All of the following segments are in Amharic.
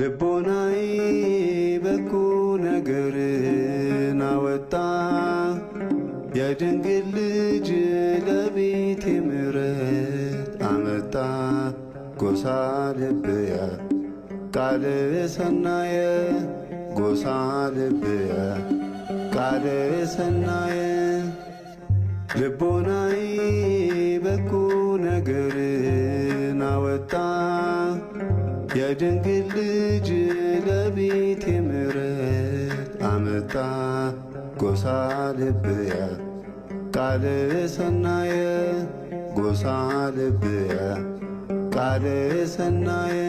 ልቦናዬ በጎ ነገርን አወጣ የድንግል ልጅ ለቤቴ ምሕረት አመጣ ጎሳ ልብያ ቃል ሰናየ ጎሳ ልብያ ቃል ሰናየ ልቦናዬ በጎ ነገርን አወጣ የድንግል ልጅ ለቤቴ ምሕረት አመጣ ጎሳ ልብያ ቃል ሰናየ ጎሳ ልብያ ቃል ሰናየ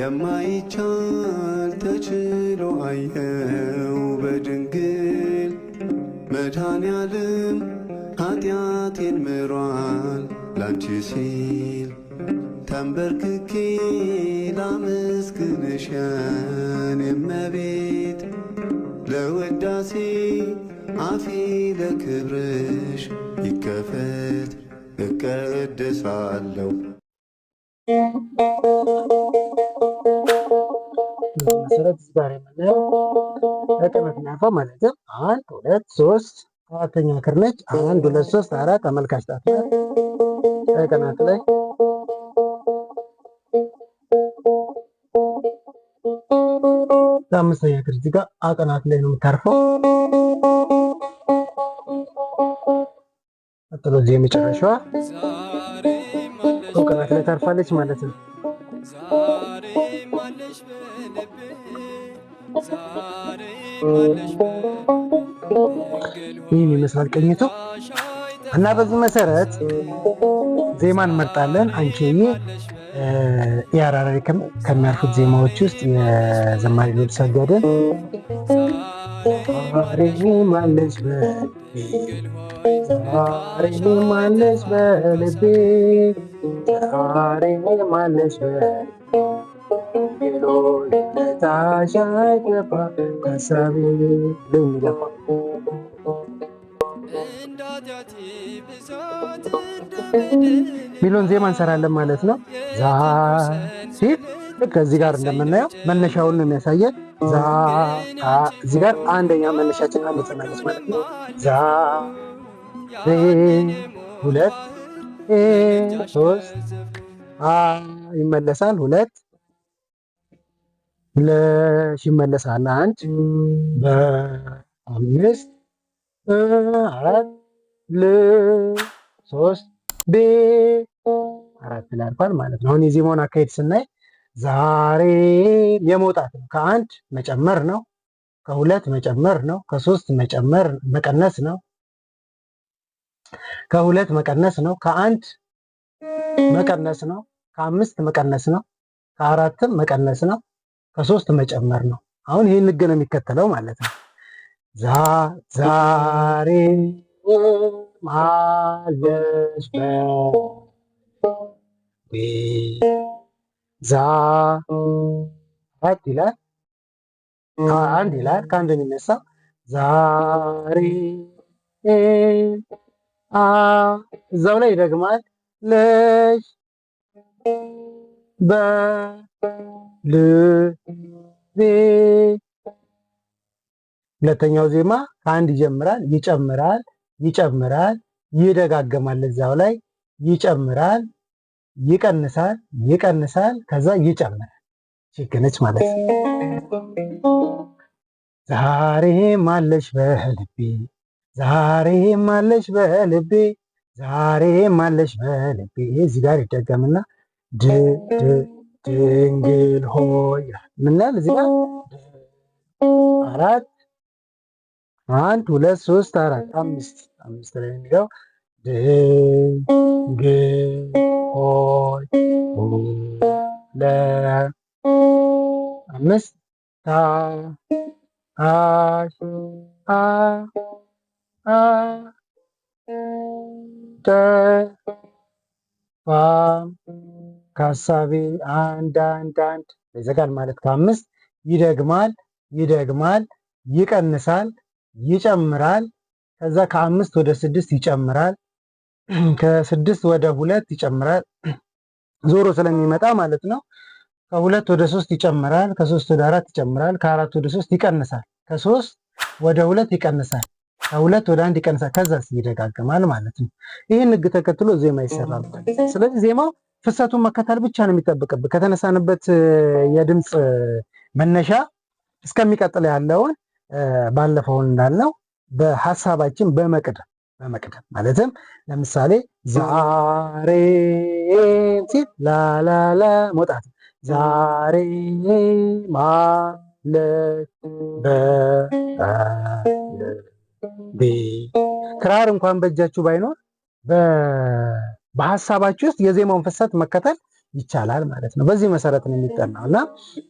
የማይቻል ተችሎ አየው መድኃኔዓለም ኃጢአቴን ምሯል ላንቺ ሲል ተንበርክኬ ላመስግንሽን እመቤት ለውዳሴ አፌ ለክብርሽ ይከፈት እቀድሳለሁ መሰረት ዛሬ የምናየው እርጥበት ናፋ ማለትም አንድ ሁለት ሶስት አራተኛ ክር ነች። አንድ ሁለት ሶስት አራት አመልካች ጣት ቀናት ላይ ለአምስተኛ ክር እዚህ ጋር አቀናት ላይ ነው የምታርፈው። ቀጥሎ እዚህ የመጨረሻዋ ቀናት ላይ ታርፋለች ማለት ነው። ልቤ ዛሬ ባለሽ ይህን ይመስላል ቅኝቱ እና በዚህ መሰረት ዜማን እንመርጣለን። አንቺዬ የአራራሪ ከሚያልፉት ዜማዎች ውስጥ የዘማሪ ልብስ ሰገደን ማለች ዛሬ ማለች በልቤ ዛሬ ማለች ሚሊዮን ዜማ እንሰራለን ማለት ነው። ዛ ሲል ልክ እዚህ ጋር እንደምናየው መነሻውን ነው የሚያሳየን። ዛ እዚህ ጋር አንደኛ መነሻችን አንድ ማለት ነው። ዛ ሁለት ሶስት ይመለሳል ሁለት ለሽመለስ አለ አንድ በአምስት አራት ቤ አራት ላልኳል ማለት ነው። አሁን የዜማውን አካሄድ ስናይ ዛሬም የመውጣት ነው። ከአንድ መጨመር ነው። ከሁለት መጨመር ነው። ከሶስት መጨመር መቀነስ ነው። ከሁለት መቀነስ ነው። ከአንድ መቀነስ ነው። ከአምስት መቀነስ ነው። ከአራትም መቀነስ ነው። ከሶስት መጨመር ነው። አሁን ይህን ህግ ነው የሚከተለው ማለት ነው። ዛ ዛሬ ማለሽ ዛ አራት ይላል አንድ ይላል ከአንድ የሚነሳ ዛሬ እዛው ላይ ይደግማል ለሽ በልቤ ሁለተኛው ዜማ ከአንድ ይጀምራል፣ ይጨምራል፣ ይጨምራል፣ ይደጋገማል። እዛው ላይ ይጨምራል፣ ይቀንሳል፣ ይቀንሳል፣ ከዛ ይጨምራል። ችግነች ማለት ነው። ዛሬም አለሽ በልቤ፣ ዛሬም አለሽ በልቤ፣ ዛሬም አለሽ በልቤ። እዚህ ጋር ይደገምና ድንግል ሆይ ምንላል እዚህ ጋር አራት አንድ ሁለት ሶስት አራት አምስት አምስት ላይ የሚለው ድንግል ሆይ ለ አምስት ታ አሽ አ አ ተ ፋ ከሀሳቤ አንድ አንድ አንድ ይዘጋል ማለት ከአምስት ይደግማል ይደግማል ይቀንሳል ይጨምራል ከዛ ከአምስት ወደ ስድስት ይጨምራል ከስድስት ወደ ሁለት ይጨምራል ዞሮ ስለሚመጣ ማለት ነው። ከሁለት ወደ ሶስት ይጨምራል። ከሶስት ወደ አራት ይጨምራል። ከአራት ወደ ሶስት ይቀንሳል። ከሶስት ወደ ሁለት ይቀንሳል። ከሁለት ወደ አንድ ይቀንሳል። ከዛ ይደጋግማል ማለት ነው። ይህን ህግ ተከትሎ ዜማ ይሰራል። ስለዚህ ዜማው ፍሰቱን መከተል ብቻ ነው የሚጠብቅብህ። ከተነሳንበት የድምፅ መነሻ እስከሚቀጥል ያለውን ባለፈውን እንዳልነው በሀሳባችን በመቅድ በመቅደም ማለትም ለምሳሌ ዛሬ ሲል ላላላ መውጣት ዛሬ ማለት ክራር እንኳን በእጃችሁ ባይኖር በሀሳባችሁ ውስጥ የዜማውን ፍሰት መከተል ይቻላል ማለት ነው። በዚህ መሰረት ነው የሚጠናው እና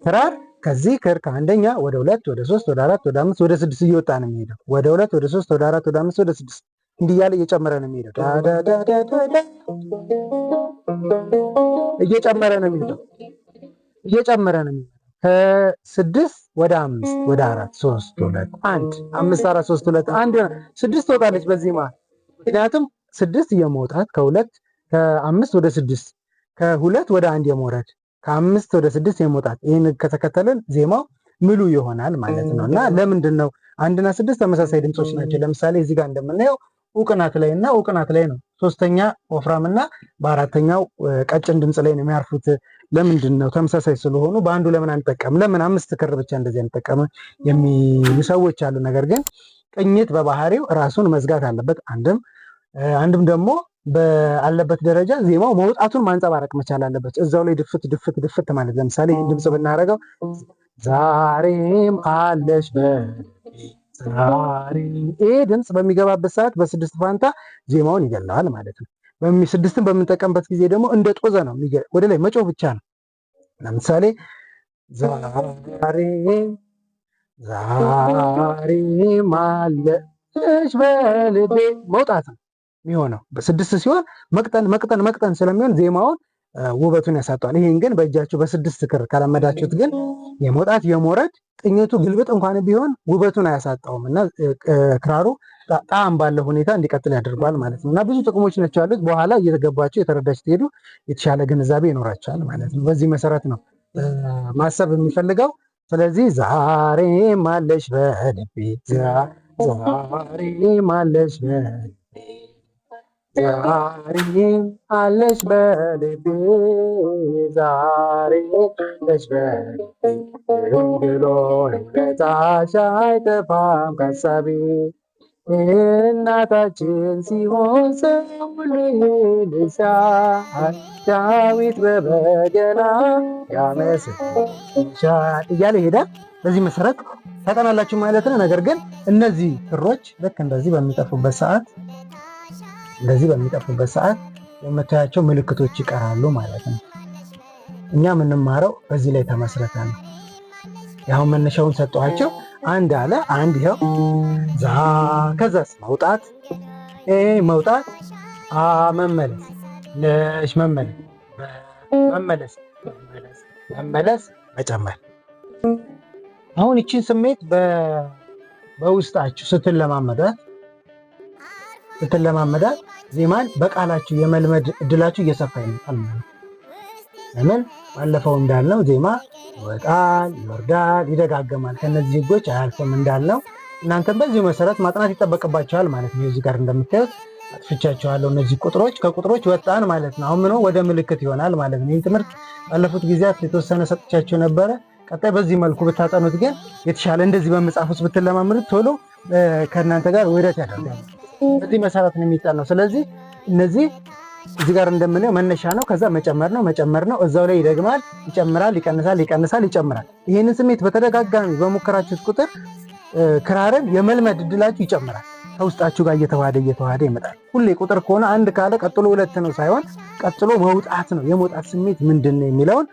ክራር ከዚህ ክር ከአንደኛ ወደ ሁለት ወደ ሶስት ወደ አራት ወደ አምስት ወደ ስድስት እየወጣ ነው የሚሄደው። ወደ ሁለት ወደ ሶስት ወደ አራት ወደ አምስት ወደ ስድስት እንዲህ እያለ እየጨመረ ነው የሚሄደው። እየጨመረ ነው የሚሄደው። እየጨመረ ነው የሚሄደው። ከስድስት ወደ አምስት ወደ አራት ሶስት ሁለት አንድ አምስት አራት ሶስት ሁለት አንድ ስድስት ትወጣለች በዚህ ማለት ምክንያቱም ስድስት እየመውጣት ከሁለት ከአምስት ወደ ስድስት ከሁለት ወደ አንድ የመውረድ ከአምስት ወደ ስድስት የመውጣት ይህን ከተከተልን ዜማው ምሉ ይሆናል ማለት ነው። እና ለምንድን ነው አንድና ስድስት ተመሳሳይ ድምፆች ናቸው? ለምሳሌ እዚህ ጋር እንደምናየው ውቅናት ላይ እና ውቅናት ላይ ነው ሶስተኛ ወፍራም እና በአራተኛው ቀጭን ድምፅ ላይ ነው የሚያርፉት። ለምንድን ነው ተመሳሳይ ስለሆኑ በአንዱ ለምን አንጠቀም? ለምን አምስት ክር ብቻ እንደዚህ አንጠቀም የሚሉ ሰዎች አሉ። ነገር ግን ቅኝት በባህሪው ራሱን መዝጋት አለበት። አንድም አንድም ደግሞ ባለበት ደረጃ ዜማው መውጣቱን ማንጸባረቅ መቻል አለበት። እዛው ላይ ድፍት ድፍት ድፍት ማለት ለምሳሌ ይህን ድምፅ ብናደርገው ዛሬም አለሽ በ ይሄ ድምፅ በሚገባበት ሰዓት በስድስት ፋንታ ዜማውን ይገለዋል ማለት ነው። ስድስትን በምንጠቀምበት ጊዜ ደግሞ እንደ ጦዘ ነው፣ ወደ ላይ መጮህ ብቻ ነው። ለምሳሌ ዛሬ ዛሬም በልቤ መውጣት ነው። የሚሆነው በስድስት ሲሆን መቅጠን መቅጠን መቅጠን ስለሚሆን ዜማውን ውበቱን ያሳጠዋል። ይህን ግን በእጃችሁ በስድስት ክር ከለመዳችሁት ግን የመውጣት የመውረድ ቅኝቱ ግልብጥ እንኳን ቢሆን ውበቱን አያሳጣውም እና ክራሩ ጣዕም ባለው ሁኔታ እንዲቀጥል ያደርጓል ማለት ነው እና ብዙ ጥቅሞች ናቸው ያሉት። በኋላ እየተገባቸው የተረዳች ትሄዱ የተሻለ ግንዛቤ ይኖራቸዋል ማለት ነው። በዚህ መሰረት ነው ማሰብ የሚፈልገው። ስለዚህ ዛሬ ማለሽ በልቤ ዛሬ ማለሽ በልቤ ዛሬም አለሽ በልቤ ዛሬ አለሽ በልቤ ብሎ ውለታሽ አይጠፋም ካሳቤ እናታችን ሲሆን ሰው ሁሉ ዳዊት በበገና ያመስግንሻል እያለ ይሄዳል። በዚህ መሰረት ታጠናላችሁ ማለት ነው። ነገር ግን እነዚህ ክሮች ልክ እንደዚህ በሚጠፉበት ሰዓት እንደዚህ በሚጠፉበት ሰዓት የምታያቸው ምልክቶች ይቀራሉ ማለት ነው። እኛ የምንማረው በዚህ ላይ ተመስረተ ነው። ያሁን መነሻውን ሰጠኋቸው። አንድ አለ አንድ ይኸው ዛ ከዛስ መውጣት መውጣት አ መመለስ ለሽ መመለስ መመለስ መመለስ መጨመር። አሁን ይችን ስሜት በውስጣችሁ ስትለማመዷት ስትለማመዳት ዜማን በቃላችሁ የመልመድ እድላችሁ እየሰፋ ይመጣል ማለት ለምን ባለፈው እንዳልነው ዜማ ይወጣል፣ ይወርዳል፣ ይደጋገማል። ከነዚህ ህጎች አያልፍም እንዳልነው እናንተም በዚሁ መሰረት ማጥናት ይጠበቅባቸዋል ማለት ነው። እዚህ ጋር እንደምታዩት አጥፍቻቸዋለሁ። እነዚህ ቁጥሮች ከቁጥሮች ወጣን ማለት ነው። አሁን ወደ ምልክት ይሆናል ማለት ነው። ይህ ትምህርት ባለፉት ጊዜያት የተወሰነ ሰጥቻቸው ነበረ። ቀጣይ በዚህ መልኩ ብታጠኑት ግን የተሻለ እንደዚህ በመጽሐፍ ውስጥ ብትለማምዱት ቶሎ ከእናንተ ጋር ውህደት ያደርጋል። በዚህ መሰረት ነው የሚጠናው። ስለዚህ እነዚህ እዚህ ጋር እንደምናየው መነሻ ነው፣ ከዛ መጨመር ነው፣ መጨመር ነው፣ እዛው ላይ ይደግማል፣ ይጨምራል፣ ይቀንሳል፣ ይቀንሳል፣ ይጨምራል። ይህንን ስሜት በተደጋጋሚ በሞከራችሁት ቁጥር ክራርን የመልመድ እድላችሁ ይጨምራል። ከውስጣችሁ ጋር እየተዋደ እየተዋደ ይመጣል። ሁሌ ቁጥር ከሆነ አንድ ካለ ቀጥሎ ሁለት ነው ሳይሆን ቀጥሎ መውጣት ነው። የመውጣት ስሜት ምንድን ነው የሚለውን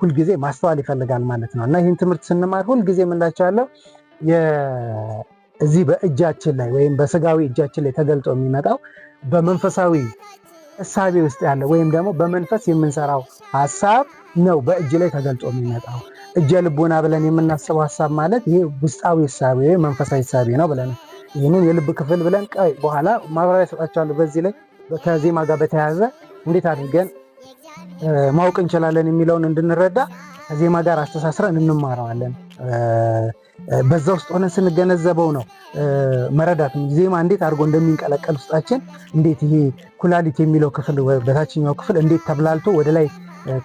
ሁልጊዜ ማስተዋል ይፈልጋል ማለት ነው እና ይህን ትምህርት ስንማር ሁልጊዜ አለው? እዚህ በእጃችን ላይ ወይም በስጋዊ እጃችን ላይ ተገልጦ የሚመጣው በመንፈሳዊ እሳቤ ውስጥ ያለ ወይም ደግሞ በመንፈስ የምንሰራው ሀሳብ ነው። በእጅ ላይ ተገልጦ የሚመጣው እጀ ልቡና ብለን የምናስበው ሀሳብ ማለት ይህ ውስጣዊ እሳቤ ወይም መንፈሳዊ እሳቤ ነው ብለን ይህንን የልብ ክፍል ብለን ቀይ በኋላ ማብራሪያ ሰጣቸዋለሁ። በዚህ ላይ ከዜማ ጋር በተያያዘ እንዴት አድርገን ማወቅ እንችላለን የሚለውን እንድንረዳ ዜማ ጋር አስተሳስረን እንማረዋለን። በዛ ውስጥ ሆነ ስንገነዘበው ነው መረዳት ዜማ እንዴት አድርጎ እንደሚንቀለቀል ውስጣችን፣ እንዴት ይሄ ኩላሊት የሚለው ክፍል በታችኛው ክፍል እንዴት ተብላልቶ ወደ ላይ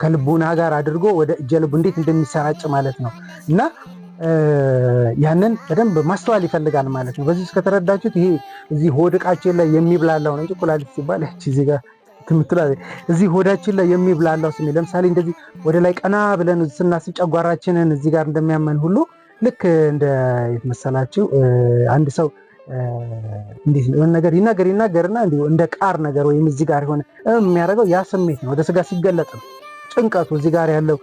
ከልቡና ጋር አድርጎ ወደ እጀ ልቡ እንዴት እንደሚሰራጭ ማለት ነው እና ያንን በደንብ ማስተዋል ይፈልጋል ማለት ነው። በዚህ እስከተረዳችሁት ይሄ እዚህ ሆድቃችን ላይ የሚብላለው ነው እንጂ ኩላሊት ሲባል እዚህ የምትላ እዚህ ሆዳችን ላይ የሚብላላው ስሜት ለምሳሌ እንደዚህ ወደ ላይ ቀና ብለን ስናስብ ጨጓራችንን እዚህ ጋር እንደሚያመን ሁሉ ልክ እንደ መሰላችሁ አንድ ሰው እንዴት ነው ነገር ይናገር ይናገርና እንዲሁ እንደ ቃር ነገር ወይም እዚህ ጋር የሆነ የሚያደርገው ያ ስሜት ነው። ወደ ስጋ ሲገለጥ ነው ጭንቀቱ፣ እዚህ ጋር ያለው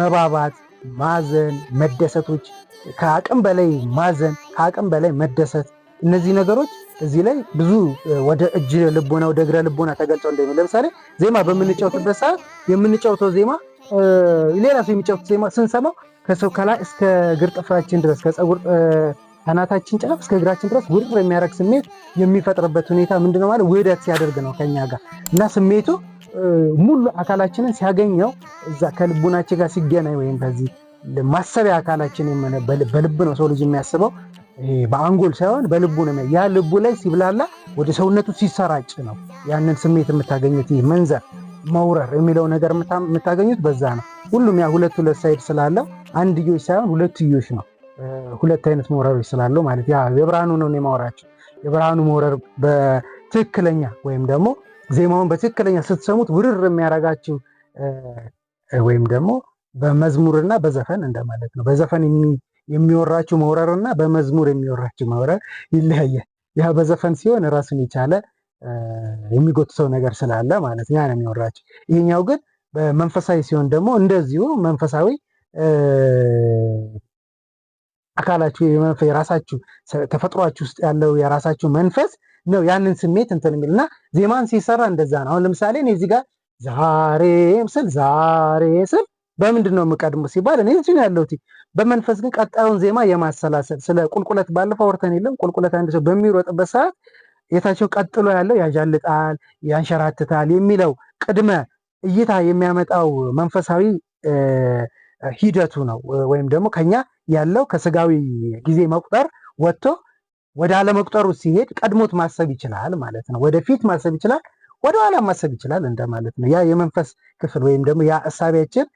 መባባት፣ ማዘን፣ መደሰቶች ከአቅም በላይ ማዘን፣ ከአቅም በላይ መደሰት እነዚህ ነገሮች እዚህ ላይ ብዙ ወደ እጅ ልቦና ወደ እግረ ልቦና ተገልጸው እንደሚ ለምሳሌ ዜማ በምንጫወትበት ሰዓት የምንጫወተው ዜማ ሌላ ሰው የሚጫወት ዜማ ስንሰማው ከሰው ከላይ እስከ እግር ጥፍራችን ድረስ ከፀጉር አናታችን ጫፍ እስከ እግራችን ድረስ ውርር የሚያደርግ ስሜት የሚፈጥርበት ሁኔታ ምንድነው ማለት ውህደት ሲያደርግ ነው ከኛ ጋር እና ስሜቱ ሙሉ አካላችንን ሲያገኘው እዛ ከልቡናችን ጋር ሲገናኝ ወይም በዚህ ማሰቢያ አካላችን በልብ ነው ሰው ልጅ የሚያስበው በአንጎል ሳይሆን በልቡ ነው። ያ ልቡ ላይ ሲብላላ ወደ ሰውነቱ ሲሰራጭ ነው ያንን ስሜት የምታገኙት። ይህ መንዘር መውረር የሚለው ነገር የምታገኙት በዛ ነው። ሁሉም ያ ሁለት ሁለት ሳይድ ስላለው አንድዮሽ ሳይሆን ሁለትዮሽ ነው። ሁለት አይነት መውረሮች ስላለው ማለት ያ የብርሃኑ ነው የማወራቸው። የብርሃኑ መውረር በትክክለኛ ወይም ደግሞ ዜማውን በትክክለኛ ስትሰሙት ውርር የሚያረጋችው ወይም ደግሞ በመዝሙርና በዘፈን እንደማለት ነው። በዘፈን የሚወራችው መውረር እና በመዝሙር የሚወራችው መውረር ይለያያል። ያ በዘፈን ሲሆን ራሱን የቻለ የሚጎትተው ነገር ስላለ ማለት ያ ነው የሚወራችው። ይሄኛው ግን በመንፈሳዊ ሲሆን ደግሞ እንደዚሁ መንፈሳዊ አካላችሁ የራሳችሁ ተፈጥሯችሁ ውስጥ ያለው የራሳችሁ መንፈስ ነው ያንን ስሜት እንትን የሚል እና ዜማን ሲሰራ እንደዛ ነው። አሁን ለምሳሌ እኔ እዚህ ጋር ስል ዛሬ ስል በምንድን ነው የምቀድሙ ሲባል እኔ እዚህ ነው ያለሁት። በመንፈስ ግን ቀጣዩን ዜማ የማሰላሰል ስለ ቁልቁለት ባለፈው አውርተን የለም ቁልቁለት አንድ ሰው በሚሮጥበት ሰዓት የታቸው ቀጥሎ ያለው ያዣልጣል፣ ያንሸራትታል የሚለው ቅድመ እይታ የሚያመጣው መንፈሳዊ ሂደቱ ነው። ወይም ደግሞ ከኛ ያለው ከስጋዊ ጊዜ መቁጠር ወጥቶ ወደ አለመቁጠሩ ሲሄድ ቀድሞት ማሰብ ይችላል ማለት ነው። ወደፊት ማሰብ ይችላል፣ ወደኋላ ማሰብ ይችላል እንደማለት ነው። ያ የመንፈስ ክፍል ወይም ደግሞ ያ እሳቢያችን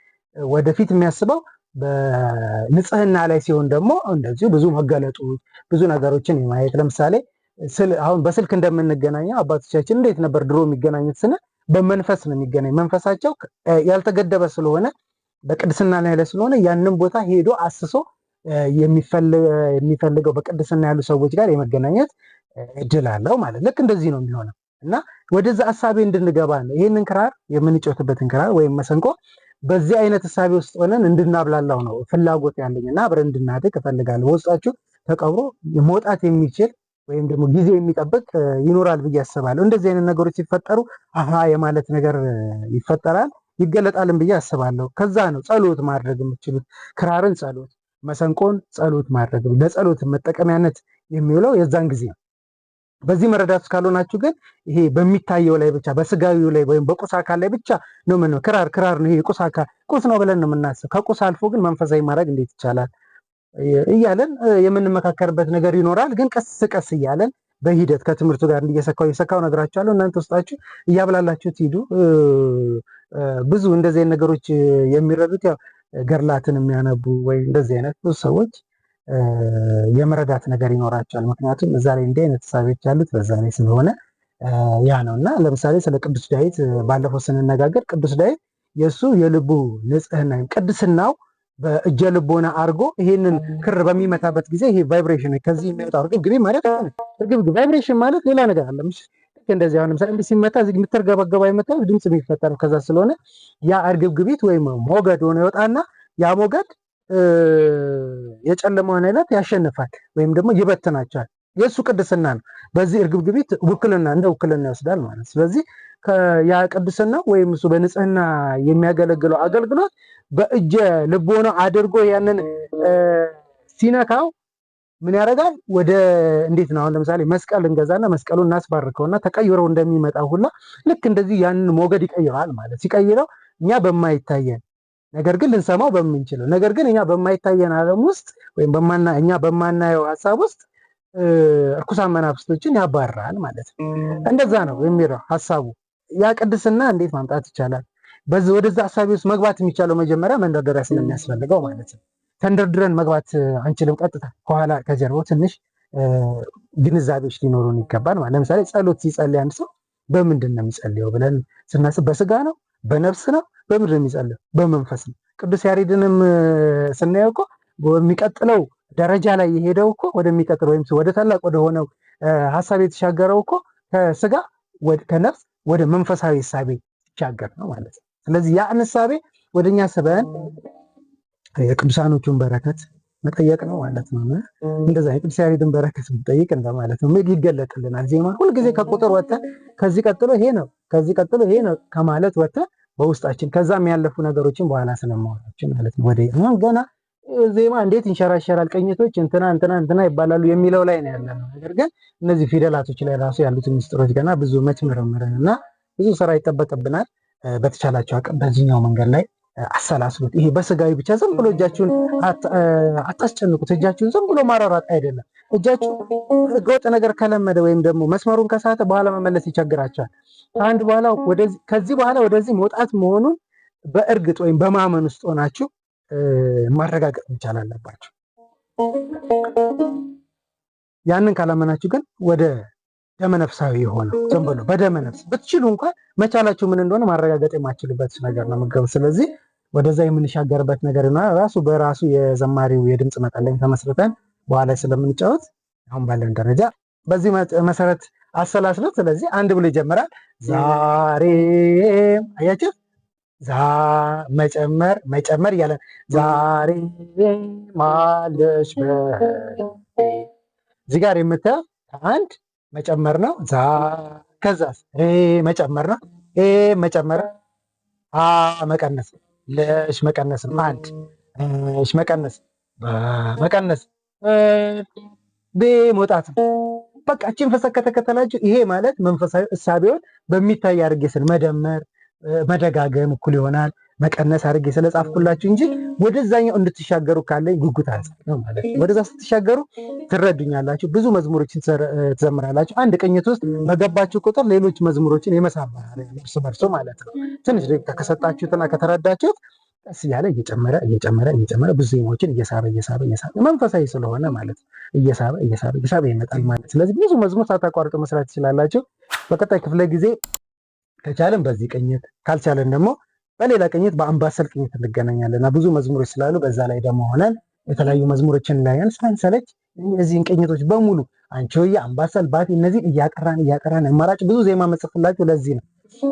ወደፊት የሚያስበው በንጽህና ላይ ሲሆን ደግሞ እንደዚሁ ብዙ መገለጡ ብዙ ነገሮችን የማየት ለምሳሌ አሁን በስልክ እንደምንገናኘው አባቶቻችን እንዴት ነበር ድሮ የሚገናኙት ስንል በመንፈስ ነው የሚገናኝ። መንፈሳቸው ያልተገደበ ስለሆነ በቅድስና ላይ ስለሆነ ያንን ቦታ ሄዶ አስሶ የሚፈልገው በቅድስና ያሉ ሰዎች ጋር የመገናኘት እድል አለው ማለት ልክ እንደዚህ ነው የሚሆነው እና ወደዛ አሳቤ እንድንገባ ነው ይህንን ክራር የምንጮትበትን ክራር ወይም መሰንቆ በዚህ አይነት እሳቤ ውስጥ ሆነን እንድናብላላው ነው ፍላጎት ያለኝ እና አብረን እንድናድግ እፈልጋለሁ። በውስጣችሁ ተቀብሮ መውጣት የሚችል ወይም ደግሞ ጊዜ የሚጠብቅ ይኖራል ብዬ አስባለሁ። እንደዚህ አይነት ነገሮች ሲፈጠሩ አሀ የማለት ነገር ይፈጠራል ይገለጣልን ብዬ አስባለሁ። ከዛ ነው ጸሎት ማድረግ የምችሉት ክራርን ጸሎት፣ መሰንቆን ጸሎት ማድረግ ለጸሎት መጠቀሚያነት የሚውለው የዛን ጊዜ ነው። በዚህ መረዳት ካልሆናችሁ ግን ይሄ በሚታየው ላይ ብቻ በስጋዊው ላይ ወይም በቁስ አካል ላይ ብቻ ነው። ምን ክራር ክራር ነው፣ ይሄ ቁስ አካል ቁስ ነው ብለን ነው የምናስብ። ከቁስ አልፎ ግን መንፈሳዊ ማድረግ እንዴት ይቻላል እያለን የምንመካከርበት ነገር ይኖራል። ግን ቀስ ቀስ እያለን በሂደት ከትምህርቱ ጋር እየሰካው እየሰካው እነግራችኋለሁ። እናንተ ውስጣችሁ እያብላላችሁት ሂዱ። ብዙ እንደዚህ ነገሮች የሚረዱት ያው የሚያነቡ ወይ እንደዚህ አይነት ብዙ ሰዎች የመረዳት ነገር ይኖራቸዋል። ምክንያቱም እዛ ላይ እንዲህ አይነት ሳቢዎች ያሉት በዛ ላይ ስለሆነ ያ ነው እና ለምሳሌ ስለ ቅዱስ ዳዊት ባለፈው ስንነጋገር ቅዱስ ዳዊት የእሱ የልቡ ንጽህና ወይም ቅድስናው በእጀ ልቦና አድርጎ ይሄንን ክር በሚመታበት ጊዜ ይሄ ቫይብሬሽን ከዚህ የሚወጣ ርግብግቤ ማለት ርግብግቤ ቫይብሬሽን ማለት ሌላ ነገር አለ። እንደዚህ አሁን ለምሳሌ እንዲህ ሲመታ እዚህ የምትርገበገባ የመታ ድምፅ የሚፈጠረው ከዛ ስለሆነ ያ እርግብግቢት ወይም ሞገድ ሆኖ ይወጣና ያ ሞገድ የጨለማውን አይነት ያሸንፋል ወይም ደግሞ ይበትናቸዋል። የእሱ ቅድስና ነው። በዚህ እርግብ ግቢት ውክልና እንደ ውክልና ይወስዳል ማለት። ስለዚህ ያ ቅድስና ወይም እሱ በንጽህና የሚያገለግለው አገልግሎት በእጀ ልቦና አድርጎ ያንን ሲነካው ምን ያደርጋል? ወደ እንዴት ነው? አሁን ለምሳሌ መስቀል እንገዛና መስቀሉን እናስባርከውና ተቀይረው እንደሚመጣ ሁላ ልክ እንደዚህ ያንን ሞገድ ይቀይረዋል ማለት። ሲቀይረው እኛ በማይታየን ነገር ግን ልንሰማው በምንችለው ነገር ግን እኛ በማይታየን ዓለም ውስጥ ወይም እኛ በማናየው ሀሳብ ውስጥ እርኩሳን መናፍስቶችን ያባራል ማለት ነው። እንደዛ ነው የሚለው ሀሳቡ። ያ ቅድስና እንዴት ማምጣት ይቻላል? በዚህ ወደዛ ሀሳቢ ውስጥ መግባት የሚቻለው መጀመሪያ መንደርደሪያ ስለሚያስፈልገው ማለት ነው። ተንደርድረን መግባት አንችልም። ቀጥታ ከኋላ ከጀርባው ትንሽ ግንዛቤዎች ሊኖሩን ይገባል። ለምሳሌ ጸሎት ሲጸልይ አንድ ሰው በምንድን ነው የሚጸልየው ብለን ስናስብ በስጋ ነው በነፍስ ነው በምድር የሚጸልም በመንፈስ ነው። ቅዱስ ያሬድንም ስናየው እኮ በሚቀጥለው ደረጃ ላይ የሄደው እኮ ወደሚቀጥለው ወይም ወደ ታላቅ ወደሆነው ሀሳብ የተሻገረው እኮ ከስጋ ከነፍስ ወደ መንፈሳዊ እሳቤ ሲሻገር ነው ማለት ነው። ስለዚህ ያ እሳቤ እኛ ስበን የቅዱሳኖቹን በረከት መጠየቅ ነው ማለት ነው። እንደዛ የቅዱስ ያሬድን በረከት መጠየቅ እንደማለት ነው። ሜድ ይገለጥልናል። ዜማ ሁልጊዜ ከቁጥር ወጥተን ከዚህ ቀጥሎ ይሄ ነው፣ ከዚህ ቀጥሎ ይሄ ነው ከማለት ወጥተን በውስጣችን ከዛም ያለፉ ነገሮችን በኋላ ስለማወራችን ማለት ነው። ወደ አሁን ገና ዜማ እንዴት ይንሸራሸራል ቅኝቶች እንትና እንትና እንትና ይባላሉ የሚለው ላይ ነው ያለነው። ነገር ግን እነዚህ ፊደላቶች ላይ ራሱ ያሉት ምስጢሮች ገና ብዙ መትምርምርን እና ብዙ ስራ ይጠበቅብናል። በተቻላቸው አቅም በዚህኛው መንገድ ላይ አሰላስሉት። ይሄ በስጋዊ ብቻ ዝም ብሎ እጃችሁን አታስጨንቁት። እጃችሁን ዝም ብሎ ማራራጥ አይደለም። እጃችሁ ህገወጥ ነገር ከለመደ ወይም ደግሞ መስመሩን ከሳተ በኋላ መመለስ ይቸግራቸዋል። ከአንድ በኋላ ከዚህ በኋላ ወደዚህ መውጣት መሆኑን በእርግጥ ወይም በማመን ውስጥ ሆናችሁ ማረጋገጥ መቻል አለባችሁ። ያንን ካላመናችሁ ግን ወደ ደመነፍሳዊ የሆነ ዝም ብሎ በደመነፍስ ብትችሉ እንኳን መቻላችሁ ምን እንደሆነ ማረጋገጥ የማችልበት ነገር ነው የምገቡ። ስለዚህ ወደዛ የምንሻገርበት ነገር ይሆናል። ራሱ በራሱ የዘማሪው የድምፅ መጠን ላይ ተመስርተን በኋላ ስለምንጫወት አሁን ባለን ደረጃ በዚህ መሰረት አሰላስሎት። ስለዚህ አንድ ብሎ ይጀምራል። ዛሬም አያችሁ፣ መጨመር መጨመር እያለ ዛሬ ማለሽ በ እዚህ ጋር የምታየው አንድ መጨመር ነው። ዛ ከዛ ሬ መጨመር ነው። ኤ መጨመር፣ አ መቀነስ፣ ለሽ መቀነስ፣ አንድ ሽ መቀነስ፣ መቀነስ፣ ቤ መውጣት። በቃ እቺን ፈሰክ ከተከተላችሁ ይሄ ማለት መንፈሳዊ እሳቤውን በሚታይ አድርጌ ስል መደመር፣ መደጋገም እኩል ይሆናል። መቀነስ አድርጌ ስለጻፍኩላችሁ እንጂ ወደዛኛው እንድትሻገሩ ካለኝ ጉጉት አንጻር ወደዛ ስትሻገሩ ትረዱኛላችሁ። ብዙ መዝሙሮችን ትዘምራላችሁ። አንድ ቅኝት ውስጥ በገባችሁ ቁጥር ሌሎች መዝሙሮችን የመሳመር እርስ በርሶ ማለት ነው። ትንሽ ከሰጣችሁትና ከተረዳችሁት ቀስ እያለ እየጨመረ እየጨመረ እየጨመረ ብዙ ዜማዎችን እየሳበ እየሳበ እየሳበ መንፈሳዊ ስለሆነ ማለት እየሳበ እየሳበ እየሳበ ይመጣል ማለት። ስለዚህ ብዙ መዝሙር ሳታቋርጡ መስራት ትችላላችሁ። በቀጣይ ክፍለ ጊዜ ከቻለን በዚህ ቅኝት ካልቻለን ደግሞ በሌላ ቅኝት በአምባሰል ቅኝት እንገናኛለን ብዙ መዝሙሮች ስላሉ በዛ ላይ ደግሞ ሆነን የተለያዩ መዝሙሮችን እናያን ሳንሰለች እነዚህን ቅኝቶች በሙሉ አንቺ አምባሰል፣ ባቲ እነዚህን እያቀራን እያቀራን አማራጭ ብዙ ዜማ መጽፍላችሁ ለዚህ ነው።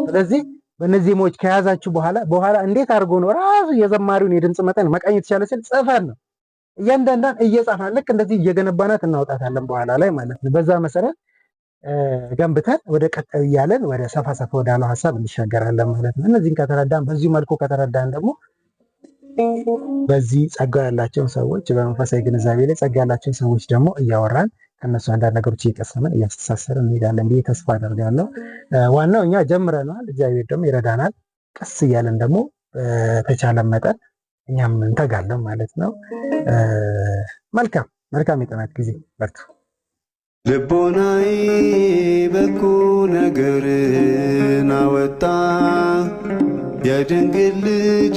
ስለዚህ በእነዚህ ዜማዎች ከያዛችሁ በኋላ በኋላ እንዴት አድርጎ ነው ራሱ የዘማሪውን የድምፅ መጠን መቃኘት ይቻለ ሲል ጽፈን ነው እያንዳንዳን እየጻፋን ልክ እንደዚህ እየገነባናት እናውጣታለን በኋላ ላይ ማለት ነው። በዛ መሰረት ገንብተን ወደ ቀጣዩ እያለን ወደ ሰፋ ሰፋ ወዳለው ሀሳብ እንሻገራለን ማለት ነው። እነዚህን ከተረዳን በዚሁ መልኩ ከተረዳን ደግሞ በዚህ ጸጋ ያላቸውን ሰዎች በመንፈሳዊ ግንዛቤ ላይ ጸጋ ያላቸውን ሰዎች ደግሞ እያወራን ከነሱ አንዳንድ ነገሮች እየቀሰምን እያስተሳሰርን እንሄዳለን ብዬ ተስፋ አደርጋለሁ። ዋናው እኛ ጀምረናል፣ እግዚአብሔር ደግሞ ይረዳናል። ቀስ እያለን ደግሞ በተቻለ መጠን እኛም እንተጋለን ማለት ነው። መልካም መልካም የጥናት ጊዜ በርቱ። ልቦናዬ በጎ ነገርን አወጣ የድንግል ልጅ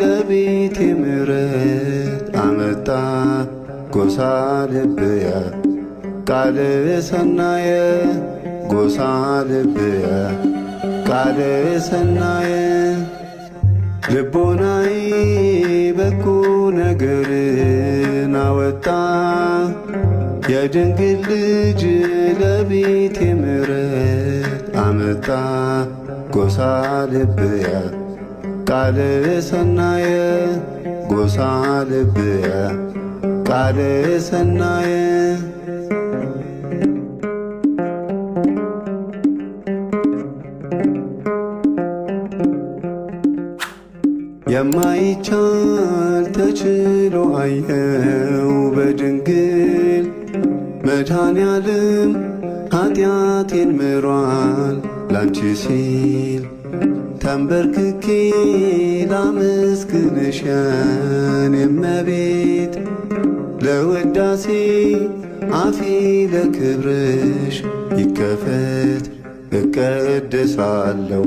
ለቤት ምሕረት አመጣ ጎሳ ልብያ ቃል ሰናየ ጎሳ ልብያ ቃል ሰናየ ልቦናዬ በጎ ነገርን አወጣ የድንግል ልጅ ለቤቴ ምሕረት አመጣ ጎሳ ልብያ ቃል ሰናየ ጎሳ ልብያ ቃል ሰናየ የማይቻል ተችሎ አየው በድንግል መድኃኔዓለም ኃጢአቴን ምሯል ላንቺ ሲል ተንበርክኬ ላመስግንሽ የመቤት ለውዳሴ አፌ ለክብርሽ ይከፈት እቀደሳለሁ።